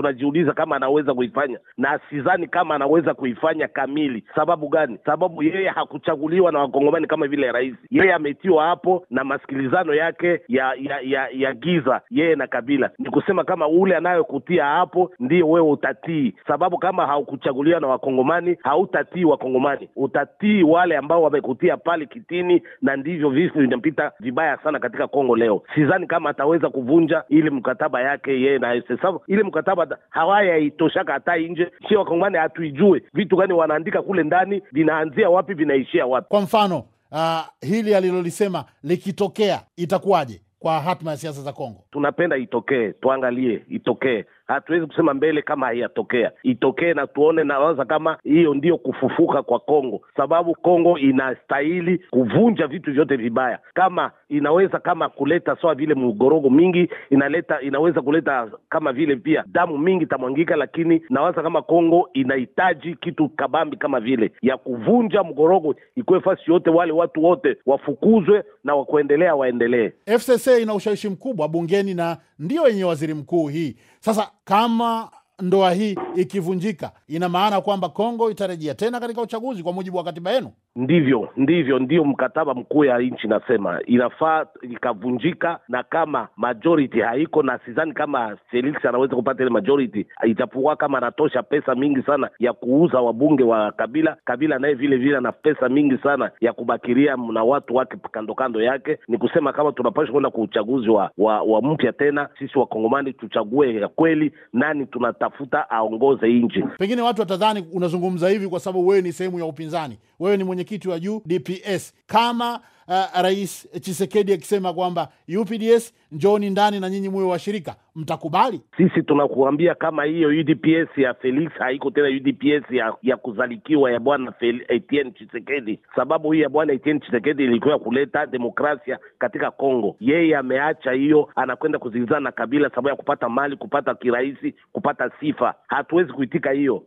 tunajiuliza kama anaweza kuifanya, na sidhani kama anaweza kuifanya kamili. Sababu gani? Sababu yeye hakuchaguliwa na wakongomani kama vile rais. Yeye ametiwa hapo na masikilizano yake ya ya ya, ya giza yeye na Kabila. Ni kusema kama ule anayokutia hapo ndio wewe utatii, sababu kama haukuchaguliwa na wakongomani hautatii wakongomani, utatii wale ambao wamekutia pale kitini, na ndivyo vifu vinapita vibaya sana katika Kongo leo. Sidhani kama ataweza kuvunja ile mkataba yake yeye na ile mkataba hawaya hawayaitoshaka hata nje. Si wakongomani hatuijue vitu gani wanaandika kule ndani, vinaanzia wapi, vinaishia wapi? Kwa mfano uh, hili alilolisema likitokea itakuwaje kwa hatima ya siasa za Kongo? Tunapenda itokee, tuangalie itokee hatuwezi kusema mbele kama haiyatokea, itokee na tuone, nawaza kama hiyo ndiyo kufufuka kwa Kongo, sababu Kongo inastahili kuvunja vitu vyote vibaya, kama inaweza kama kuleta sawa vile mgorogo mingi inaleta, inaweza kuleta kama vile pia damu mingi itamwangika, lakini nawaza kama Kongo inahitaji kitu kabambi kama vile ya kuvunja mgorogo, ikuwe fasi yote, wale watu wote wafukuzwe na wakuendelea waendelee. FCC ina ushawishi mkubwa bungeni na ndiyo yenye waziri mkuu hii sasa kama ndoa hii ikivunjika, ina maana kwamba Kongo itarejea tena katika uchaguzi kwa mujibu wa katiba yenu? Ndivyo, ndivyo, ndio mkataba mkuu ya nchi inasema inafaa ikavunjika, na kama majority haiko, na sidhani kama Felix anaweza kupata ile majority, itapokuwa kama anatosha pesa mingi sana ya kuuza wabunge wa Kabila. Kabila naye vile vile ana pesa mingi sana ya kubakiria na watu wake kando kando yake. Ni kusema kama tunapashwa kwenda kwa uchaguzi wa, wa, wa mpya tena, sisi wakongomani tuchague ya kweli nani tunatafuta aongoze nchi. Pengine watu watadhani unazungumza hivi kwa sababu wewe ni sehemu ya upinzani, wewe ni mwenye mwenyekiti wa UDPS kama uh, Rais Chisekedi akisema kwamba UPDS njooni ndani na nyinyi muwe washirika, mtakubali? Sisi tunakuambia kama hiyo UDPS ya Felix haiko tena UDPS ya, ya kuzalikiwa ya bwana Etienne Chisekedi, sababu hii ya bwana Etienne Chisekedi ilikuwa kuleta demokrasia katika Kongo. Yeye ameacha hiyo, anakwenda kuzilizana na kabila sababu ya kupata mali, kupata kirahisi, kupata sifa. Hatuwezi kuitika hiyo.